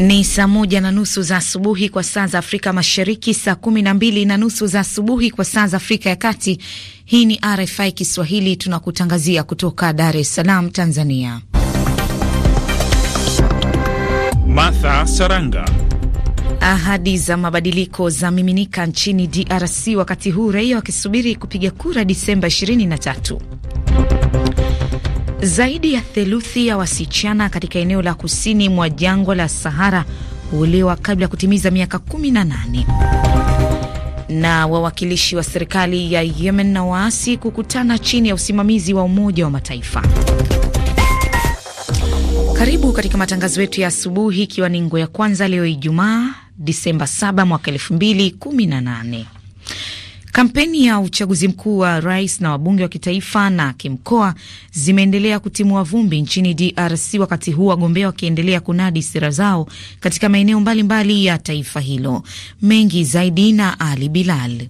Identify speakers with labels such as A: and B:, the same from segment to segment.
A: Ni saa moja na nusu za asubuhi kwa saa za Afrika Mashariki, saa kumi na mbili na nusu za asubuhi kwa saa za Afrika ya Kati. Hii ni RFI Kiswahili, tunakutangazia kutoka Dar es Salaam, Tanzania.
B: Martha Saranga.
A: Ahadi za mabadiliko za miminika nchini DRC, wakati huu raia wakisubiri kupiga kura Disemba 23. Zaidi ya theluthi ya wasichana katika eneo la kusini mwa jangwa la Sahara huolewa kabla ya kutimiza miaka 18. Na wawakilishi wa serikali ya Yemen na waasi kukutana chini ya usimamizi wa Umoja wa Mataifa. Karibu katika matangazo yetu ya asubuhi, ikiwa ni ngo ya kwanza leo Ijumaa Disemba 7 mwaka 2018. Kampeni ya uchaguzi mkuu wa rais na wabunge wa kitaifa na kimkoa zimeendelea kutimua vumbi nchini DRC, wakati huu wagombea wakiendelea kunadi sera zao katika maeneo mbalimbali ya taifa hilo. Mengi zaidi na Ali Bilal.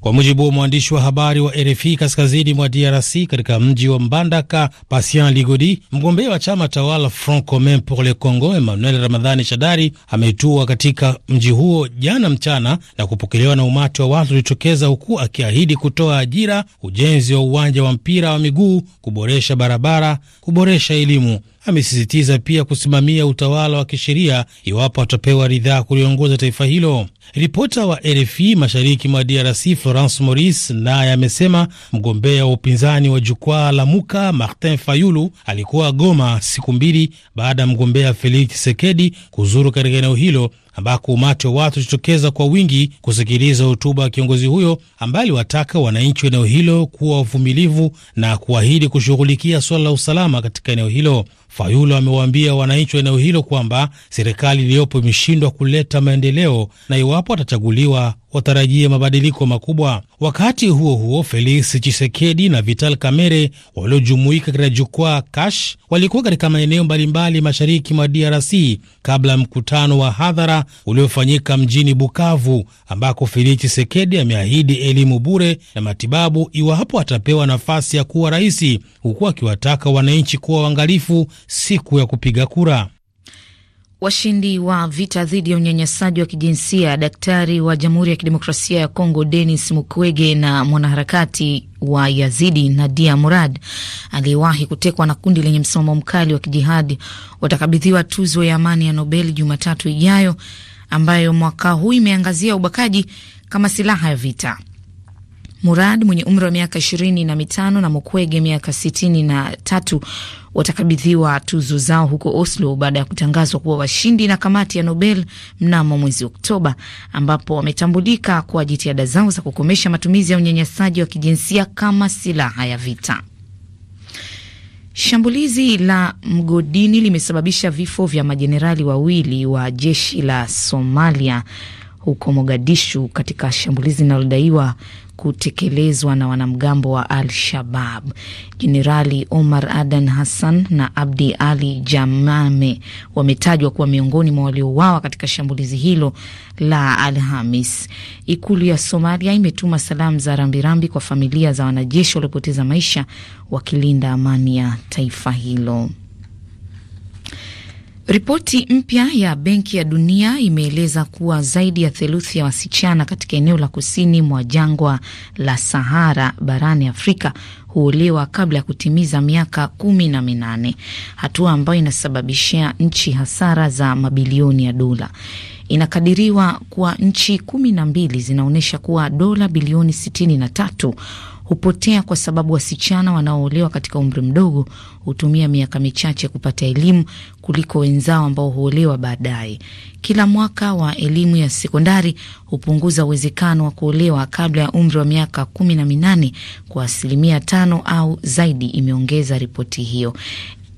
C: Kwa mujibu wa mwandishi wa habari wa RFI kaskazini mwa DRC katika mji wa Mbandaka, Patient Ligodi, mgombea wa chama tawala Front Commun pour le Congo Emmanuel Ramadhani Shadari ametua katika mji huo jana mchana na kupokelewa na umati wa watu uliotokeza, huku akiahidi kutoa ajira, ujenzi wa uwanja wa mpira wa miguu, kuboresha barabara, kuboresha elimu amesisitiza pia kusimamia utawala wa kisheria iwapo atapewa ridhaa kuliongoza taifa hilo. Ripota wa RFI mashariki mwa DRC Florence Maurice naye amesema mgombea wa upinzani wa jukwaa la Muka Martin Fayulu alikuwa Goma siku mbili baada ya mgombea Felix chisekedi kuzuru katika eneo hilo ambako umati wa watu ulijitokeza kwa wingi kusikiliza hotuba ya kiongozi huyo ambaye aliwataka wananchi wa eneo hilo kuwa wavumilivu na kuahidi kushughulikia suala la usalama katika eneo hilo. Fayulu amewaambia wananchi wa eneo hilo kwamba serikali iliyopo imeshindwa kuleta maendeleo na iwapo atachaguliwa watarajie mabadiliko makubwa. Wakati huo huo, Felix Chisekedi na Vital Kamerhe waliojumuika katika jukwaa Kash walikuwa katika maeneo mbalimbali mashariki mwa DRC kabla ya mkutano wa hadhara uliofanyika mjini Bukavu, ambako Felix Chisekedi ameahidi elimu bure na matibabu iwapo atapewa nafasi ya kuwa rais, huku akiwataka wananchi kuwa waangalifu siku ya kupiga kura.
A: Washindi wa vita dhidi ya unyanyasaji wa kijinsia daktari wa Jamhuri ya Kidemokrasia ya Kongo Denis Mukwege na mwanaharakati wa Yazidi Nadia Murad aliyewahi kutekwa na kundi lenye msimamo mkali wa kijihadi watakabidhiwa tuzo ya amani ya Nobel Jumatatu ijayo ambayo mwaka huu imeangazia ubakaji kama silaha ya vita. Murad mwenye umri wa miaka ishirini na mitano na Mukwege miaka sitini na tatu watakabidhiwa tuzo zao huko Oslo baada ya kutangazwa kuwa washindi na kamati ya Nobel mnamo mwezi Oktoba, ambapo wametambulika kwa jitihada zao za kukomesha matumizi ya unyanyasaji wa kijinsia kama silaha ya vita. Shambulizi la mgodini limesababisha vifo vya majenerali wawili wa jeshi la Somalia huko Mogadishu katika shambulizi linalodaiwa kutekelezwa na wanamgambo wa Al Shabab. Jenerali Omar Adan Hassan na Abdi Ali Jamame wametajwa kuwa miongoni mwa waliouawa katika shambulizi hilo la Alhamis. Ikulu ya Somalia imetuma salamu za rambirambi kwa familia za wanajeshi waliopoteza maisha wakilinda amani ya taifa hilo. Ripoti mpya ya Benki ya Dunia imeeleza kuwa zaidi ya theluthi ya wasichana katika eneo la kusini mwa jangwa la Sahara barani Afrika huolewa kabla ya kutimiza miaka kumi na minane, hatua ambayo inasababishia nchi hasara za mabilioni ya dola. Inakadiriwa kuwa nchi kumi na mbili zinaonyesha kuwa dola bilioni sitini na tatu hupotea kwa sababu wasichana wanaoolewa katika umri mdogo hutumia miaka michache kupata elimu kuliko wenzao ambao huolewa baadaye. Kila mwaka wa elimu ya sekondari hupunguza uwezekano wa kuolewa kabla ya umri wa miaka kumi na minane kwa asilimia tano au zaidi, imeongeza ripoti hiyo.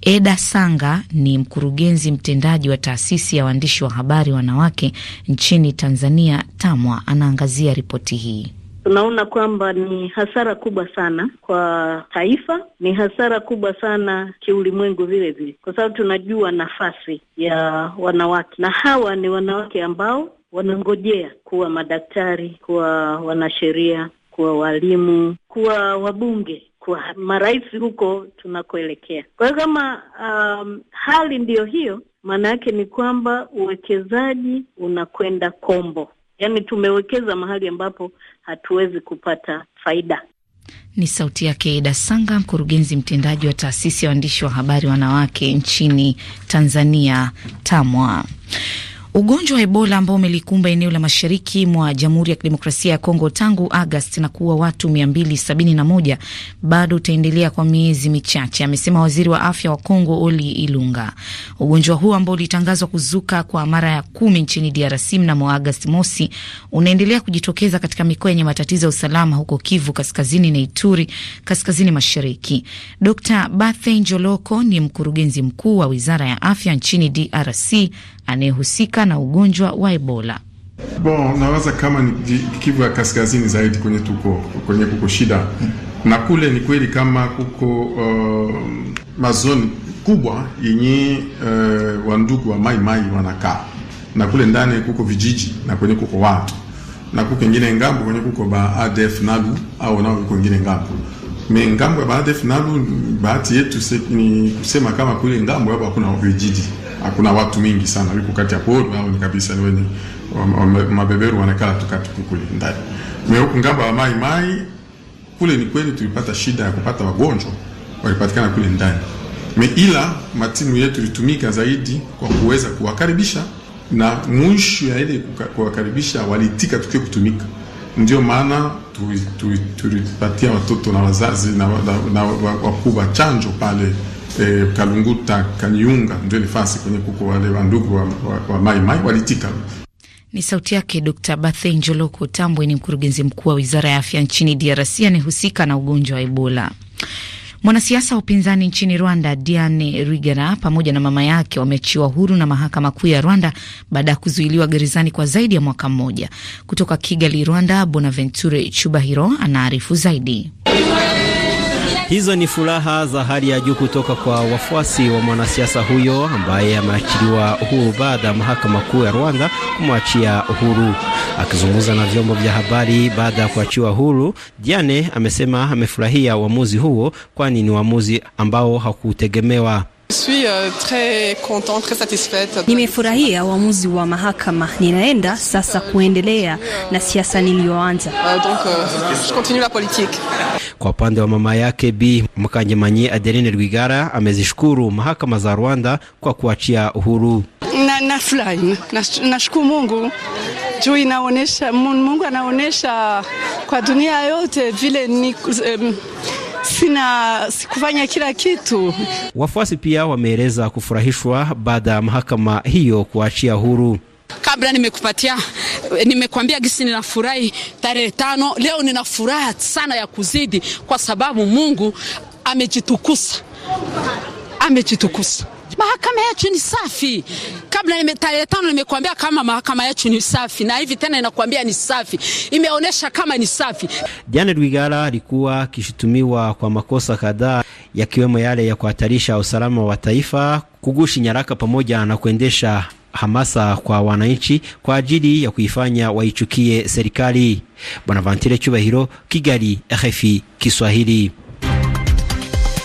A: Eda Sanga ni mkurugenzi mtendaji wa taasisi ya waandishi wa habari wanawake nchini Tanzania, TAMWA, anaangazia ripoti hii
D: tunaona kwamba ni hasara kubwa sana kwa taifa, ni hasara kubwa sana kiulimwengu vile vile, kwa sababu tunajua nafasi ya wanawake, na hawa ni wanawake ambao wanangojea kuwa madaktari, kuwa wanasheria, kuwa walimu, kuwa wabunge kwa marais huko tunakoelekea. Kwa hiyo kama um, hali ndiyo hiyo, maana yake ni kwamba uwekezaji unakwenda kombo yani tumewekeza mahali ambapo hatuwezi kupata faida.
A: Ni sauti yake Ida Sanga, mkurugenzi mtendaji wa taasisi ya waandishi wa habari wanawake nchini Tanzania, TAMWA. Ugonjwa wa Ebola ambao umelikumba eneo la mashariki mwa Jamhuri ya Kidemokrasia ya Kongo tangu Agasti na kuua watu 271 bado utaendelea kwa miezi michache, amesema waziri wa afya wa Kongo Oli Ilunga. Ugonjwa huo ambao ulitangazwa kuzuka kwa mara ya kumi nchini DRC mnamo Agasti mosi unaendelea kujitokeza katika mikoa yenye matatizo ya usalama huko Kivu Kaskazini na Ituri Kaskazini Mashariki. Dr Bathe Njoloko ni mkurugenzi mkuu wa wizara ya afya nchini DRC anayehusika na ugonjwa wa Ebola.
E: Bon, nawaza kama ni Kivu ya kaskazini zaidi kwenye tuko kwenye kuko shida na kule ni kweli kama kuko uh, mazoni kubwa yenye uh, wandugu wa maimai wanakaa na kule ndani kuko vijiji na kwenye kuko watu na kuko ingine ngambo kwenye kuko ba ADF nalu au nao kuko ingine ngambo me ngambo ya baada finalu, bahati yetu se, ni kusema kama kule ngambo hapo hakuna vijiji, hakuna watu mingi sana, wiko kati ya pori au ni kabisa ni wenye mabeberu wanakala tukati kule ndani. Me ngambo ya mai mai kule ni kweli tulipata shida ya kupata wagonjwa walipatikana kule ndani me, ila matimu yetu ilitumika zaidi kwa kuweza kuwakaribisha na mwisho ya ile kuwakaribisha walitika tukio kutumika ndio maana tulipatia watoto na wazazi na, na, na wakubwa chanjo pale e, Kalunguta, Kaniunga, ndio nifasi kwenye kuko wale wandugu wa, wa, wa maimai walitika.
A: Ni sauti yake Dr Bathe Njoloko Tambwe, ni mkurugenzi mkuu wa wizara ya afya nchini DRC anayehusika na ugonjwa wa Ebola. Mwanasiasa wa upinzani nchini Rwanda Diane Rigera pamoja na mama yake wameachiwa huru na mahakama kuu ya Rwanda baada ya kuzuiliwa gerezani kwa zaidi ya mwaka mmoja. Kutoka Kigali, Rwanda, Bonaventure Chubahiro anaarifu zaidi.
F: Hizo ni furaha za hali ya juu kutoka kwa wafuasi wa mwanasiasa huyo ambaye ameachiliwa uhuru baada ya mahakama kuu ya Rwanda kumwachia uhuru. Akizungumza na vyombo vya habari baada ya kuachiwa huru, Diane amesema amefurahia uamuzi huo, kwani ni uamuzi ambao hakutegemewa.
D: Euh, Nimefurahia uamuzi wa mahakama, ninaenda sasa kuendelea na siasa niliyoanza. Euh, euh, kwa
F: upande wa mama yake Bi Mkangemanyi Adeline Rwigara amezishukuru mahakama za Rwanda kwa kuachia uhuru.
B: Nafurahi nashukuru Mungu juu inaonesha Mungu anaonesha kwa dunia yote vile ni um,
A: sina sikufanya kila kitu.
F: Wafuasi pia wameeleza kufurahishwa baada ya mahakama hiyo kuachia huru
A: Kabla nimekupatia nimekwambia gisi ninafurahi tarehe tano. Leo nina furaha sana ya kuzidi, kwa sababu Mungu amejitukusa, amejitukusa. Mahakama yetu ni safi. Kabla nime tarehe tano nimekuambia kama mahakama yetu ni safi, na hivi tena inakuambia ni safi, imeonyesha kama ni safi.
F: Janet rwigara alikuwa akishutumiwa kwa makosa kadhaa yakiwemo yale ya kuhatarisha usalama wa taifa, kugushi nyaraka, pamoja na kuendesha hamasa kwa wananchi kwa ajili ya kuifanya waichukie serikali. Bwana Vantile Cyubahiro, Kigali, RFI Kiswahili.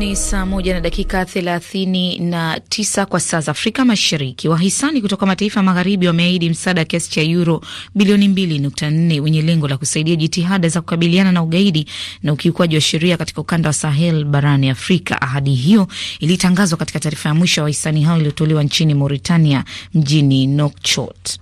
A: ni saa moja na dakika thelathini na tisa kwa saa za Afrika Mashariki. Wahisani kutoka mataifa magharibi wameahidi msaada kiasi cha euro bilioni mbili nukta nne wenye lengo la kusaidia jitihada za kukabiliana na ugaidi na ukiukwaji wa sheria katika ukanda wa Sahel barani Afrika. Ahadi hiyo ilitangazwa katika taarifa ya mwisho ya wahisani hao iliyotolewa nchini Mauritania, mjini Nouakchott.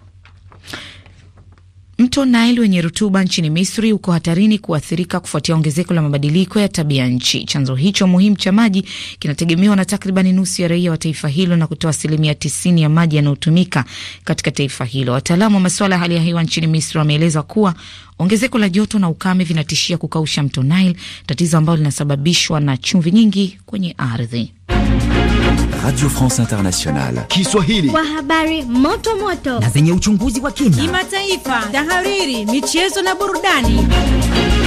A: Mto Nile wenye rutuba nchini Misri uko hatarini kuathirika kufuatia ongezeko la mabadiliko ya tabia nchi. Chanzo hicho muhimu cha maji kinategemewa na takribani nusu ya raia wa taifa hilo na kutoa asilimia tisini ya maji yanayotumika katika taifa hilo. Wataalamu wa masuala ya hali ya hewa nchini Misri wameeleza kuwa Ongezeko la joto na ukame vinatishia kukausha mto Nile, tatizo ambalo linasababishwa na chumvi nyingi kwenye ardhi. Radio France Internationale Kiswahili, kwa habari moto moto na zenye uchunguzi wa kina, kimataifa, tahariri, michezo na burudani.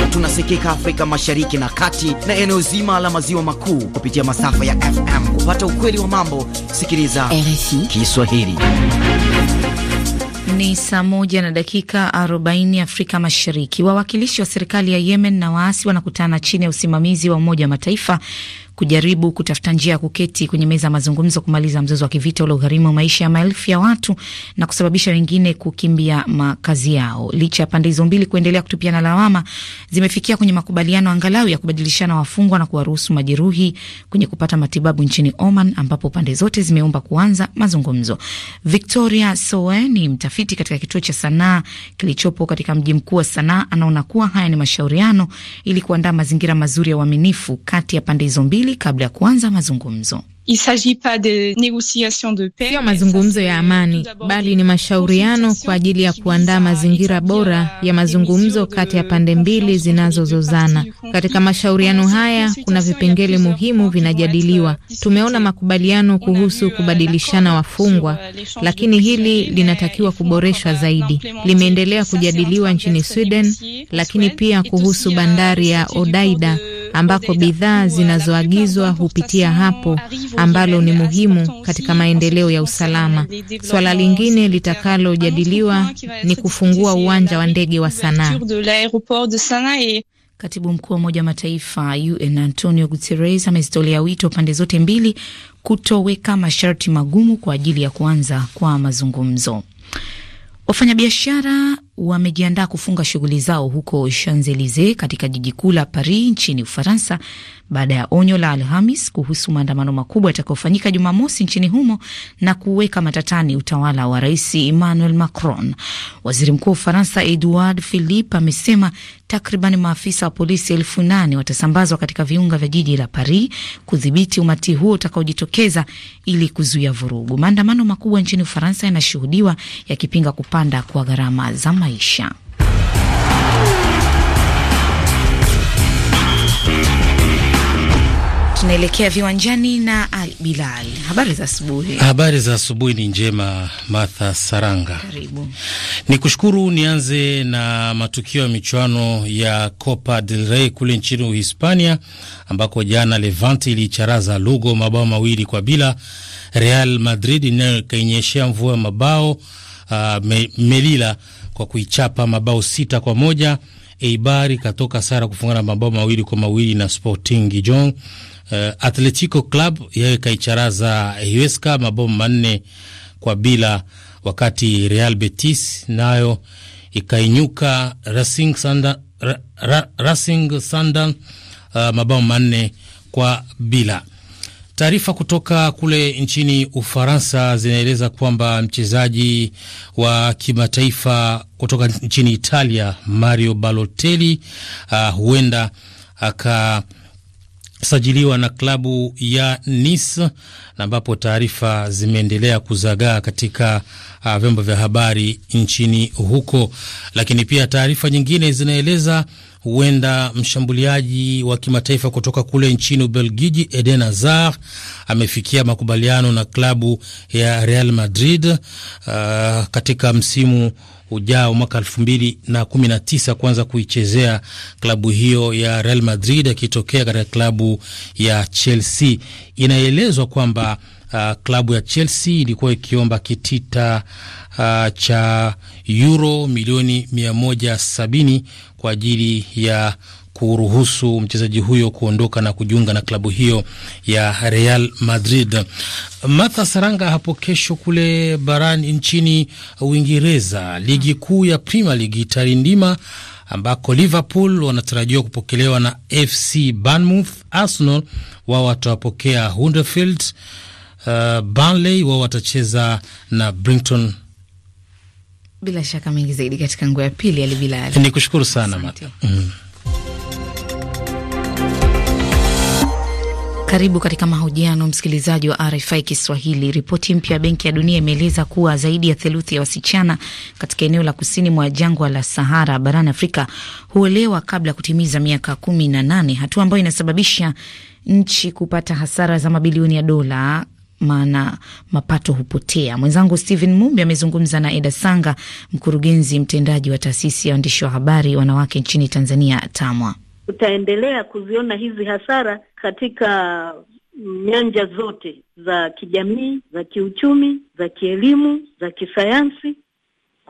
F: Tunasikika Afrika Mashariki na Kati na eneo zima la maziwa makuu kupitia masafa ya FM. Kupata ukweli wa mambo, sikiliza RFI Kiswahili.
A: Ni saa moja na dakika 40 Afrika Mashariki. Wawakilishi wa serikali ya Yemen na waasi wanakutana chini ya usimamizi wa Umoja wa Mataifa kujaribu kutafuta njia ya kuketi kwenye meza ya mazungumzo kumaliza mzozo wa kivita uliogharimu maisha ya maelfu ya watu na kusababisha wengine kukimbia makazi yao. Licha ya pande hizo mbili kuendelea kutupiana lawama, zimefikia kwenye makubaliano angalau ya kubadilishana wafungwa na kuwaruhusu majeruhi kwenye kupata matibabu nchini Oman, ambapo pande zote zimeomba kuanza mazungumzo. Victoria Soe ni mtafiti katika kituo cha sanaa kilichopo katika mji mkuu wa Sanaa. Anaona kuwa haya ni mashauriano ili kuandaa mazingira mazuri ya uaminifu kati ya pande hizo mbili mbili kabla ya kuanza mazungumzo. Sio mazungumzo ya amani, bali ni mashauriano kwa ajili ya kuandaa mazingira bora ya mazungumzo kati ya pande mbili zinazozozana. Katika mashauriano haya kuna vipengele muhimu vinajadiliwa. Euh, Tumeona makubaliano kuhusu euh, kubadilishana wafungwa, euh, lakini hili linatakiwa kuboreshwa zaidi. Limeendelea kujadiliwa nchini Sweden, lakini pia kuhusu bandari ya Odaida ambako bidhaa zinazoagizwa hupitia hapo, ambalo ni muhimu katika maendeleo ya usalama. Swala lingine litakalojadiliwa ni kufungua uwanja wa ndege wa Sanaa. Katibu mkuu wa Umoja wa Mataifa UN Antonio Guterres amezitolea wito pande zote mbili kutoweka masharti magumu kwa ajili ya kuanza kwa mazungumzo. Wafanyabiashara wamejiandaa kufunga shughuli zao huko champs katika jiji kuu la Paris nchini Ufaransa baada ya onyo la Alhamis kuhusu maandamano makubwa yatakayofanyika Jumamosi nchini humo na kuweka matatani utawala wa Rais Emmanuel Macron. Waziri Mkuu wa Ufaransa Edouard Philippe amesema takriban maafisa wa polisi elfu nane watasambazwa katika viunga vya jiji la Paris kudhibiti umati huo utakaojitokeza ili kuzuia vurugu. Maandamano makubwa nchini Ufaransa yanashuhudiwa yakipinga kupanda kwa gharama za maisha maisha. Tunaelekea viwanjani na Al Bilal. Habari za asubuhi. Habari
C: za asubuhi ni njema, Martha Saranga. Karibu. Ni kushukuru. Nianze na matukio ya michuano ya Copa del Rey kule nchini Uhispania, ambako jana Levante iliicharaza Lugo mabao mawili kwa bila. Real Madrid nayo ikainyeshea mvua mabao uh, me, Melila kwa kuichapa mabao sita kwa moja. Eibar ikatoka sara kufungana mabao mawili kwa mawili na Sporting Gijon. Uh, eh, Atletico Club yayo ikaicharaza Huesca mabao manne kwa bila, wakati Real Betis nayo ikainyuka Racing Sandan, ra, ra, Racing Sandan uh, eh, mabao manne kwa bila. Taarifa kutoka kule nchini Ufaransa zinaeleza kwamba mchezaji wa kimataifa kutoka nchini Italia Mario Balotelli uh, huenda aka sajiliwa na klabu ya Nice na ambapo taarifa zimeendelea kuzagaa katika uh, vyombo vya habari nchini huko. Lakini pia taarifa nyingine zinaeleza huenda mshambuliaji wa kimataifa kutoka kule nchini Ubelgiji Eden Hazard amefikia makubaliano na klabu ya Real Madrid uh, katika msimu ujao mwaka na tisa kuanza kuichezea klabu hiyo ya Real Madrid akitokea katika klabu ya Chelsea. Inaelezwa kwamba uh, klabu ya Chelsea ilikuwa ikiomba kitita uh, cha euro milioni sabini kwa ajili ya kuruhusu mchezaji huyo kuondoka na kujiunga na klabu hiyo ya Real Madrid. Martha Saranga hapo kesho kule barani nchini Uingereza, ligi kuu ya Premier League itarindima ambako Liverpool wanatarajiwa kupokelewa na FC Bournemouth. Arsenal wao watawapokea Huddersfield. Uh, Burnley wao watacheza na Brighton.
A: Bila shaka mengi zaidi katika nguo ya pili. Alibilali, ni kushukuru sana Mata. Mm. Karibu katika mahojiano, msikilizaji wa RFI Kiswahili. Ripoti mpya ya Benki ya Dunia imeeleza kuwa zaidi ya theluthi ya wasichana katika eneo la kusini mwa jangwa la Sahara barani Afrika huolewa kabla ya kutimiza miaka kumi na nane, hatua ambayo inasababisha nchi kupata hasara za mabilioni ya dola maana mapato hupotea. Mwenzangu stehen Mumbi amezungumza na Eda Sanga, mkurugenzi mtendaji wa taasisi ya waandishi wa habari wanawake nchini Tanzania, TAMWA.
D: Tutaendelea kuziona hizi hasara katika nyanja zote za kijamii, za kiuchumi, za kielimu, za kisayansi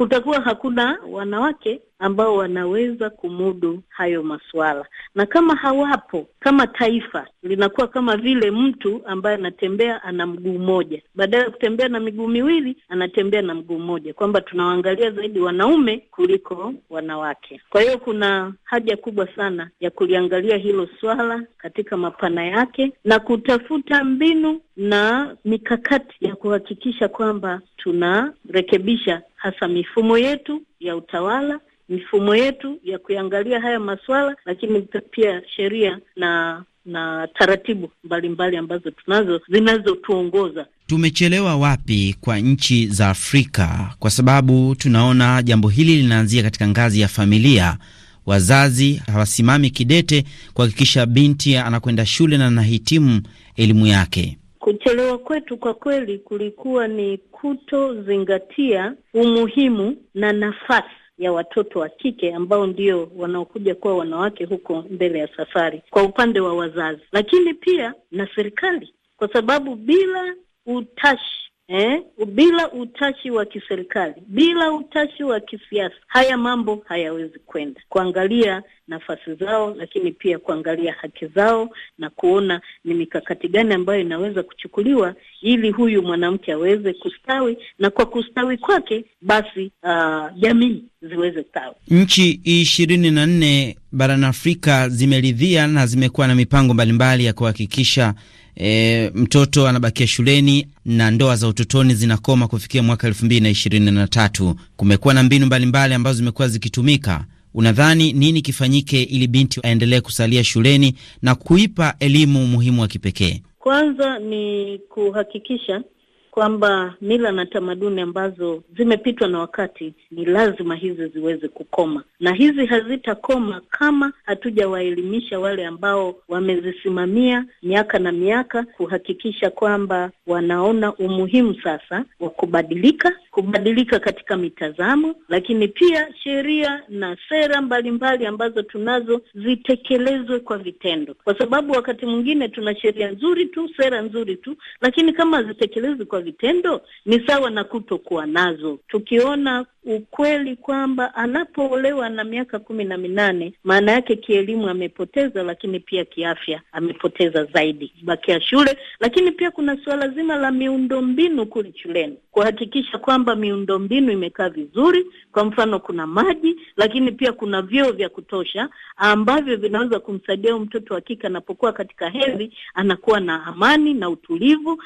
D: kutakuwa hakuna wanawake ambao wanaweza kumudu hayo masuala, na kama hawapo, kama taifa linakuwa kama vile mtu ambaye anatembea ana mguu mmoja, badala ya kutembea na miguu miwili, anatembea na mguu mmoja, kwamba tunawaangalia zaidi wanaume kuliko wanawake. Kwa hiyo kuna haja kubwa sana ya kuliangalia hilo swala katika mapana yake na kutafuta mbinu na mikakati ya kuhakikisha kwamba tunarekebisha hasa mifumo yetu ya utawala, mifumo yetu ya kuangalia haya masuala, lakini pia sheria na na taratibu mbalimbali mbali ambazo tunazo zinazotuongoza.
F: Tumechelewa wapi kwa nchi za Afrika? Kwa sababu tunaona jambo hili linaanzia katika ngazi ya familia. Wazazi hawasimami kidete kuhakikisha binti anakwenda shule na anahitimu elimu yake.
D: Kuchelewa kwetu kwa kweli kulikuwa ni kutozingatia umuhimu na nafasi ya watoto wa kike ambao ndio wanaokuja kuwa wanawake huko mbele ya safari kwa upande wa wazazi, lakini pia na serikali, kwa sababu bila utashi eh, bila utashi wa kiserikali, bila utashi wa kisiasa, haya mambo hayawezi kwenda. Kuangalia nafasi zao, lakini pia kuangalia haki zao na kuona ni mikakati gani ambayo inaweza kuchukuliwa ili huyu mwanamke aweze kustawi, na kwa kustawi kwake basi ah, jamii ziweze stawi.
F: Nchi ishirini na nne barani Afrika zimeridhia na zimekuwa na mipango mbalimbali ya kuhakikisha e, mtoto anabakia shuleni na ndoa za utotoni zinakoma kufikia mwaka elfu mbili na ishirini na tatu. Kumekuwa na mbinu mbalimbali ambazo zimekuwa zikitumika. Unadhani nini kifanyike ili binti aendelee kusalia shuleni na kuipa elimu umuhimu wa kipekee?
D: Kwanza ni kuhakikisha kwamba mila na tamaduni ambazo zimepitwa na wakati ni lazima hizi ziweze kukoma, na hizi hazitakoma kama hatujawaelimisha wale ambao wamezisimamia miaka na miaka, kuhakikisha kwamba wanaona umuhimu sasa wa kubadilika, kubadilika katika mitazamo, lakini pia sheria na sera mbalimbali mbali ambazo tunazo zitekelezwe kwa vitendo, kwa sababu wakati mwingine tuna sheria nzuri tu, sera nzuri tu, lakini kama hazitekelezwi kwa vitendo ni sawa na kutokuwa nazo. Tukiona ukweli kwamba anapoolewa na miaka kumi na minane, maana yake kielimu amepoteza, lakini pia kiafya amepoteza zaidi bakia shule. Lakini pia kuna suala zima la miundombinu kule shuleni, kuhakikisha kwamba miundombinu imekaa vizuri. Kwa mfano, kuna maji, lakini pia kuna vyoo vya kutosha ambavyo vinaweza kumsaidia mtoto wa kike anapokuwa katika hedhi, anakuwa na amani na utulivu.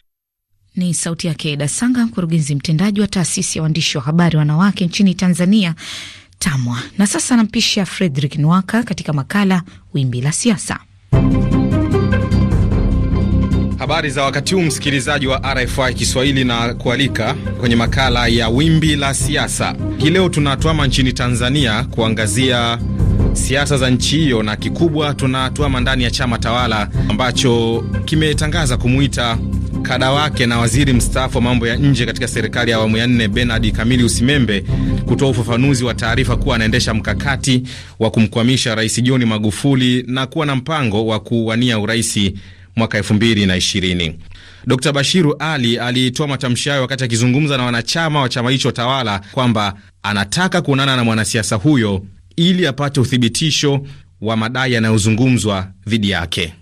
A: Ni sauti yake Eda Sanga, mkurugenzi mtendaji wa taasisi ya waandishi wa habari wanawake nchini Tanzania, TAMWA. Na sasa anampisha Fredrik Nwaka katika makala Wimbi la Siasa.
G: Habari za wakati huu, msikilizaji wa RFI Kiswahili, na kualika kwenye makala ya Wimbi la Siasa. Hii leo tunatwama nchini Tanzania kuangazia siasa za nchi hiyo, na kikubwa tunatwama ndani ya chama tawala ambacho kimetangaza kumwita kada wake na waziri mstaafu wa mambo ya nje katika serikali ya awamu ya nne Bernard Kamili Usimembe kutoa ufafanuzi wa taarifa kuwa anaendesha mkakati wa kumkwamisha Rais John Magufuli na kuwa na mpango wa kuwania uraisi mwaka 2020. Dr Bashiru Ali alitoa matamshi hayo wakati akizungumza na wanachama wa chama hicho tawala kwamba anataka kuonana na mwanasiasa huyo ili apate uthibitisho wa madai yanayozungumzwa dhidi yake.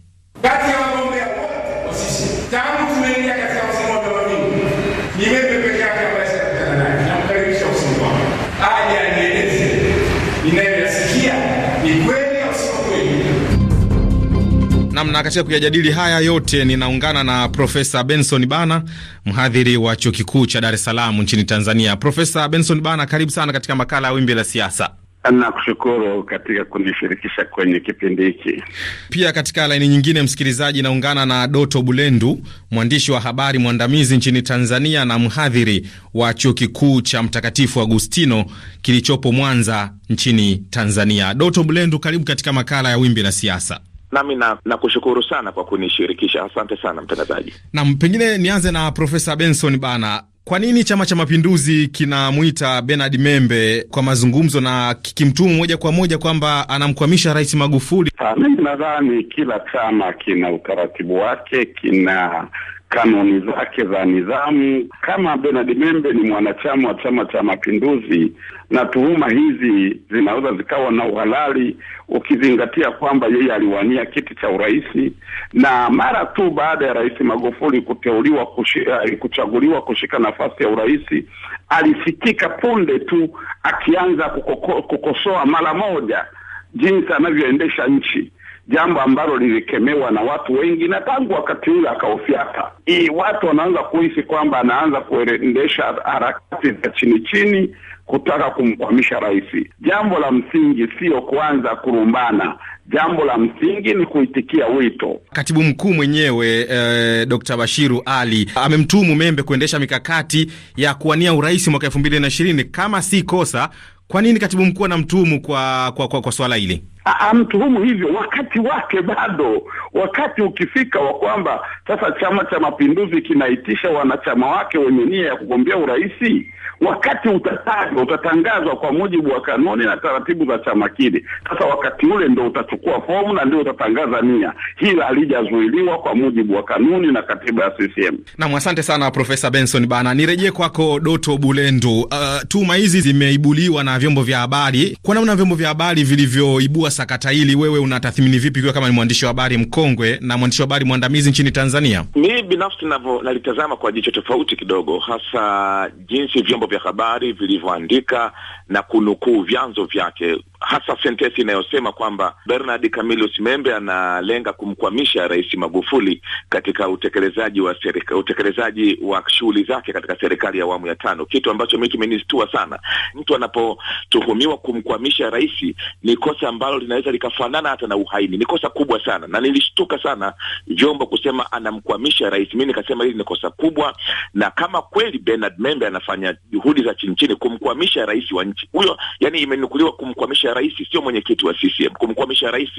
G: namna. katika kuyajadili haya yote ninaungana na Profesa Benson Bana, mhadhiri wa chuo kikuu cha Dar es Salaam nchini Tanzania. Profesa Benson Bana, karibu sana katika makala ya Wimbi la
B: Siasa. Nakushukuru katika kunishirikisha kwenye kipindi hiki.
G: Pia katika laini nyingine, msikilizaji, naungana na Doto Bulendu, mwandishi wa habari mwandamizi nchini Tanzania na mhadhiri wa chuo kikuu cha Mtakatifu Agustino kilichopo Mwanza nchini Tanzania. Doto Bulendu, karibu katika makala ya Wimbi la Siasa
H: nami na, na kushukuru sana kwa kunishirikisha. Asante sana mtangazaji.
G: Nam, pengine nianze na Profesa Benson bana kwa nini Chama cha Mapinduzi kinamwita Bernard Membe kwa mazungumzo na kikimtumu moja kwa moja kwamba anamkwamisha Rais Magufuli?
B: Ah, mimi nadhani kila chama kina utaratibu wake, kina kanuni zake za nidhamu. Kama Bernard Membe ni mwanachama wa Chama cha Mapinduzi, na tuhuma hizi zinaweza zikawa na uhalali, ukizingatia kwamba yeye aliwania kiti cha urais na mara tu baada ya Rais Magufuli kuteuliwa kushi, uh, kuchaguliwa kushika nafasi ya urais, alisikika punde tu akianza kukoko, kukosoa mara moja jinsi anavyoendesha nchi jambo ambalo lilikemewa na watu wengi, na tangu wakati ule akaofyata hii, watu wanaanza kuhisi kwamba anaanza kuendesha harakati za chini chini kutaka kumkwamisha rais. Jambo la msingi siyo kuanza kurumbana, jambo la msingi ni kuitikia wito.
G: Katibu mkuu mwenyewe eh, Dr. Bashiru Ali amemtumu Membe kuendesha mikakati ya kuwania urais mwaka elfu mbili na ishirini. Kama si kosa, kwa nini katibu mkuu anamtumu kwa, kwa, kwa, kwa swala hili?
B: amtuhumu hivyo wakati wake bado. Wakati ukifika wa kwamba sasa Chama cha Mapinduzi kinaitisha wanachama wake wenye nia ya kugombea urais, wakati utatajwa, utatangazwa kwa mujibu wa kanuni na taratibu za chama kile. Sasa wakati ule ndo utachukua fomu na ndio utatangaza nia. Hila halijazuiliwa kwa mujibu wa kanuni na katiba ya CCM.
G: Na asante sana Profesa Benson Bana. Nirejee kwako Doto Bulendo. Uh, tuma hizi zimeibuliwa na vyombo vya habari, kwa namna vyombo vya habari vilivyoibua sakata hili, wewe unatathmini vipi, ikiwa kama ni mwandishi wa habari mkongwe na mwandishi wa habari mwandamizi nchini Tanzania?
H: Mi binafsi nalitazama kwa jicho tofauti kidogo, hasa jinsi vyombo vya habari vilivyoandika na kunukuu vyanzo vyake hasa sentesi inayosema kwamba Bernard Kamilus Membe analenga kumkwamisha Rais Magufuli katika utekelezaji wa serika, utekelezaji wa shughuli zake katika serikali ya awamu ya tano, kitu ambacho mii kimenistua sana. Mtu anapotuhumiwa kumkwamisha rais, ni kosa ambalo linaweza likafanana hata na uhaini. Ni kosa kubwa sana, na nilishtuka sana vyombo kusema anamkwamisha rais. Mi nikasema hili ni kosa kubwa, na kama kweli Bernard Membe anafanya juhudi za chini chini kumkwamisha rais wa nchi huyo, yani imenukuliwa kumkwamisha rais sio mwenyekiti wa CCM. Kumkwamisha rais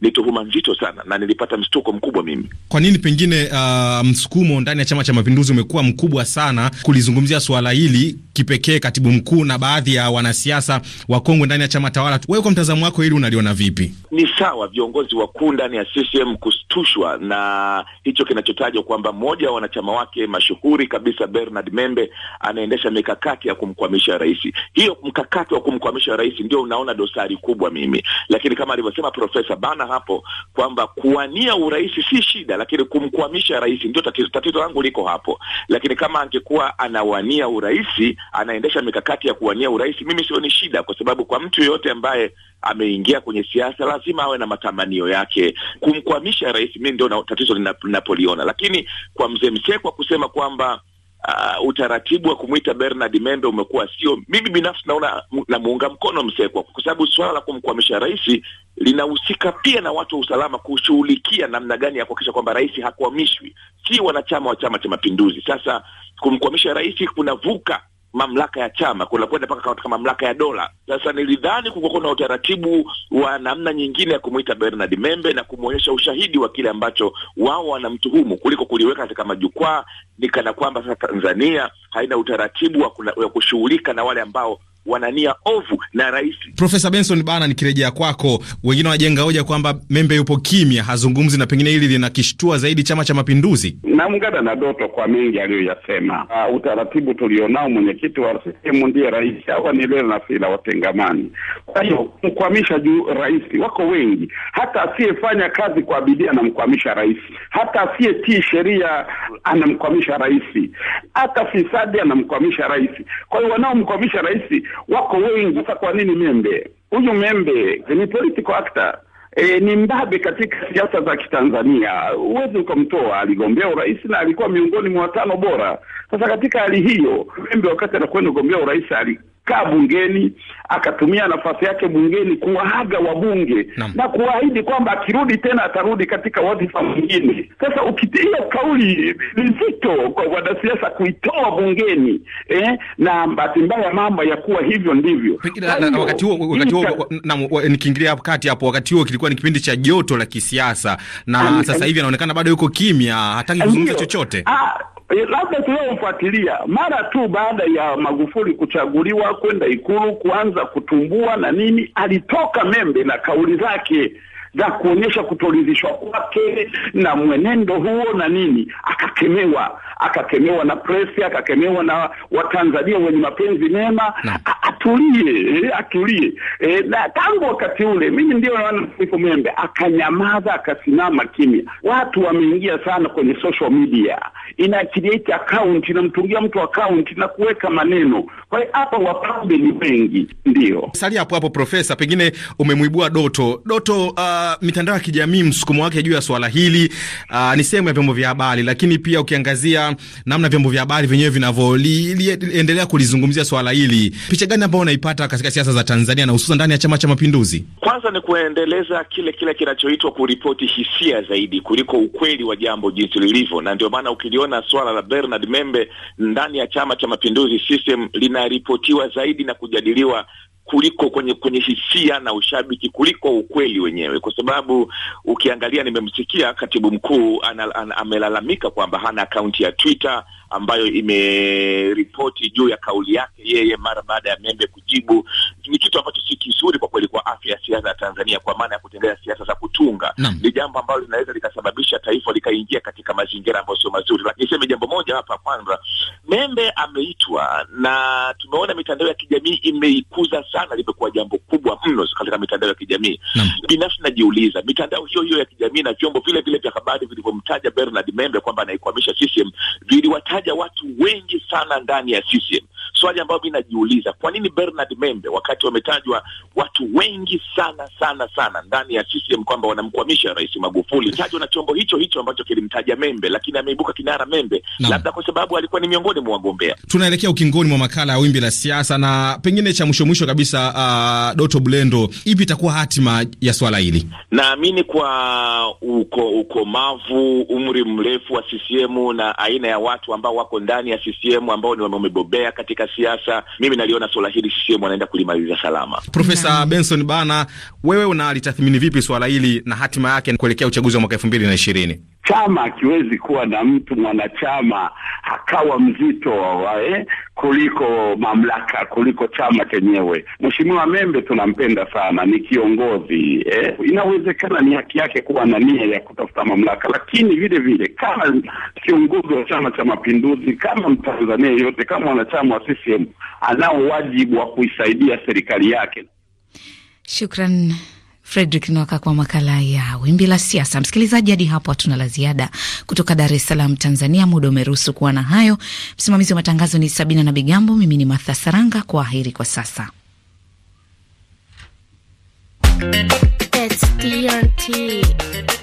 H: ni tuhuma nzito sana, na nilipata mshtuko mkubwa mimi.
G: Kwa nini pengine uh, msukumo ndani ya Chama cha Mapinduzi umekuwa mkubwa sana kulizungumzia suala hili kipekee, katibu mkuu na baadhi ya wanasiasa wakongwe ndani ya chama tawala? Wewe kwa mtazamo wako hili unaliona vipi?
H: Ni sawa viongozi wakuu ndani ya CCM kustushwa na hicho kinachotajwa kwamba mmoja wa wanachama wake mashuhuri kabisa Bernard Membe anaendesha mikakati ya kumkwamisha rais. Hiyo mkakati wa kumkwamisha rais ndio unaona dosa hatari kubwa mimi, lakini kama alivyosema Profesa Bana hapo kwamba kuwania urais si shida, lakini kumkwamisha rais ndio tatizo. Tatizo langu liko hapo, lakini kama angekuwa anawania urais, anaendesha mikakati ya kuwania urais, mimi sioni shida, kwa sababu kwa mtu yoyote ambaye ameingia kwenye siasa lazima awe na matamanio yake. Kumkwamisha rais, mimi ndio tatizo linapoliona, lakini kwa mzee Msekwa kusema kwamba uh, utaratibu wa kumwita Bernard Mendo umekuwa sio, mimi binafsi naona namuunga mkono Msekwa kwa sababu swala la kumkwamisha rais linahusika pia na watu wa usalama kushughulikia namna gani ya kuhakikisha kwamba rais hakwamishwi, si wanachama wa Chama cha Mapinduzi. Sasa kumkwamisha rais kunavuka mamlaka ya chama, kwenda mpaka katika mamlaka ya dola. Sasa nilidhani kukuwa na utaratibu wa namna nyingine ya kumwita Bernard Membe na kumwonyesha ushahidi wa kile ambacho wao wanamtuhumu kuliko kuliweka katika majukwaa, ni kana kwamba sasa Tanzania haina utaratibu wa, wa kushughulika na wale ambao wanania ovu na rais.
G: Profesa Benson Bana, nikirejea kwako, wengine wanajenga hoja kwamba Membe yupo kimya, hazungumzi na pengine hili linakishtua zaidi Chama cha Mapinduzi.
B: Naungana na Doto kwa mengi aliyoyasema. Uh, utaratibu tulionao mwenyekiti wa CCM ndiye rais, hawa ni lenasi la watengamani. Kwa hiyo mkwamisha juu rais, wako wengi, hata asiyefanya kazi kwa bidii anamkwamisha rais, hata asiyetii sheria anamkwamisha rais, hata fisadi anamkwamisha rais. Kwa hiyo wanaomkwamisha rais wako wengi. Sasa kwa nini membe? Huyu membe ni political actor. E, ni mbabe katika siasa za Kitanzania, huwezi ukamtoa. Aligombea urais na alikuwa miongoni mwa watano bora. Sasa katika hali hiyo, Membe wakati anakwenda kugombea urais kukaa bungeni akatumia nafasi yake bungeni kuwaaga wabunge no. na kuahidi kwamba akirudi tena atarudi katika wadhifa mwingine. Sasa ukitia kauli nzito kwa wanasiasa kuitoa bungeni eh, na bahati mbaya mambo ya kuwa hivyo ndivyo. Wakati huo wakati
G: huo nikiingilia hapo kati hapo, wakati huo kilikuwa ni kipindi cha joto la kisiasa, na sasa hivi anaonekana bado yuko kimya, hataki kuzungumza chochote.
B: Ah, Eh, labda tunayomfuatilia mara tu baada ya Magufuli kuchaguliwa kwenda Ikulu kuanza kutumbua na nini, alitoka Membe na kauli zake za kuonyesha kutoridhishwa kwake na mwenendo huo na nini, akakemewa, akakemewa na presi, akakemewa na Watanzania wenye mapenzi mema. Atulie, eh, atulie. E, na tangu wakati ule mimi ndio naona Sifu Membe akanyamaza, akasimama kimya. Watu wameingia sana kwenye social media, ina create account, inamtungia mtu account na kuweka maneno. Kwa hiyo hapa wapambe ni wengi, ndio sali
G: hapo hapo. Profesa, pengine umemwibua Doto Doto uh... Uh, mitandao ya kijamii msukumo wake juu ya swala hili uh, ni sehemu ya vyombo vya habari, lakini pia ukiangazia namna vyombo vya habari vyenyewe vinavyoendelea kulizungumzia swala hili, picha gani ambayo unaipata katika siasa za Tanzania na hususan ndani ya Chama cha Mapinduzi?
H: Kwanza ni kuendeleza kile kile kinachoitwa kuripoti hisia zaidi kuliko ukweli wa jambo jinsi lilivyo, na ndio maana ukiliona swala la Bernard Membe ndani ya Chama cha Mapinduzi, system linaripotiwa zaidi na kujadiliwa kuliko kwenye kwenye hisia na ushabiki kuliko ukweli wenyewe, kwa sababu ukiangalia, nimemsikia katibu mkuu an, amelalamika kwamba hana akaunti ya Twitter ambayo imeripoti juu ya kauli yake yeye mara baada ya Membe kujibu, ni kitu ambacho si kizuri kwa kweli kwa afya ya siasa ya Tanzania, kwa maana ya kutendea siasa za kutunga. Ni jambo ambalo linaweza likasababisha taifa likaingia katika mazingira ambayo sio mazuri. Lakini sema jambo moja hapa, kwanza Membe ameitwa na tumeona mitandao ya kijamii imeikuza sana, limekuwa jambo kubwa mno katika mitandao ya kijamii. Binafsi najiuliza mitandao hiyo hiyo ya kijamii na vyombo vile vile vya habari vilivyomtaja Bernard Membe kwamba anaikwamisha CCM viliwataja wametaja watu wengi sana ndani ya CCM swali ambayo mi najiuliza, kwa nini Bernard Membe, wakati wametajwa watu wengi sana sana sana ndani ya CCM kwamba wanamkwamisha Rais Magufuli, tajwa na chombo hicho hicho ambacho kilimtaja Membe, lakini ameibuka kinara Membe, labda kwa sababu alikuwa ni miongoni mwa wagombea.
G: Tunaelekea ukingoni mwa makala ya Wimbi la Siasa, na pengine cha mwisho mwisho kabisa, uh, Doto blendo ipi itakuwa hatima ya swala hili?
H: Naamini kwa uko ukomavu, umri mrefu wa CCM na aina ya watu ambao wako ndani ya CCM ambao ni wamebobea katika katika siasa, mimi naliona swala hili CCM wanaenda kulimaliza salama.
G: Profesa Benson Bana, wewe unalitathmini vipi swala hili na hatima yake kuelekea uchaguzi wa mwaka elfu mbili na ishirini?
B: chama akiwezi kuwa na mtu mwanachama akawa mzito wa, eh, kuliko mamlaka kuliko chama chenyewe. Mheshimiwa Membe tunampenda sana, ni kiongozi eh. Inawezekana ni haki yake kuwa na nia ya kutafuta mamlaka, lakini vile vile kama kiongozi wa Chama cha Mapinduzi, kama Mtanzania yote, kama mwanachama wa CCM, anao wajibu wa kuisaidia serikali yake.
A: Shukran. Fredrick Nwaka kwa makala ya wimbi la siasa. Msikilizaji, hadi hapo hatuna la ziada kutoka Dar es Salaam, Tanzania. Muda umeruhusu kuwa na hayo. Msimamizi wa matangazo ni Sabina na Bigambo, mimi ni Martha Saranga. Kwa heri kwa sasa. It's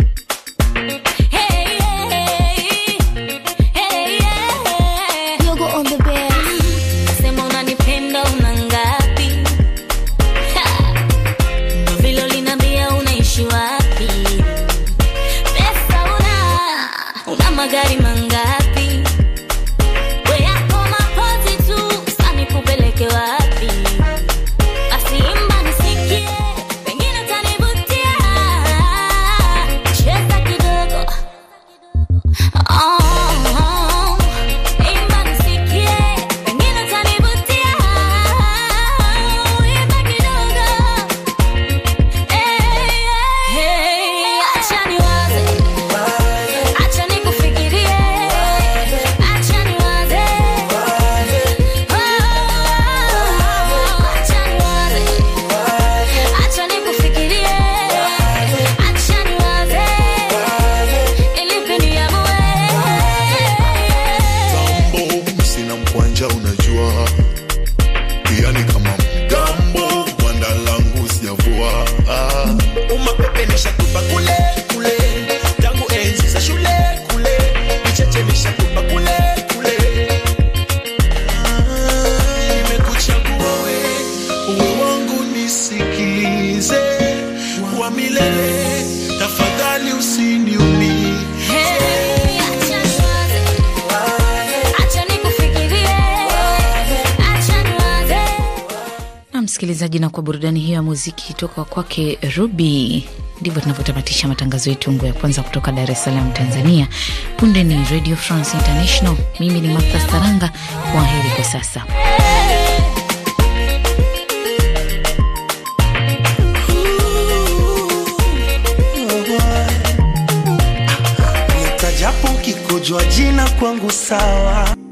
A: kutoka kwake Ruby. Ndivyo tunavyotamatisha matangazo yetu nguo ya kwanza kutoka Dar es Salaam, Tanzania. Punde ni Radio France International. Mimi ni Martha Saranga, kwa heri kwa sasa.
D: Jua jina kwangu sawa.